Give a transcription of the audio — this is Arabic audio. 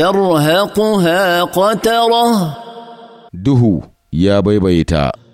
ترهقها قتره دهو يا بيبيتا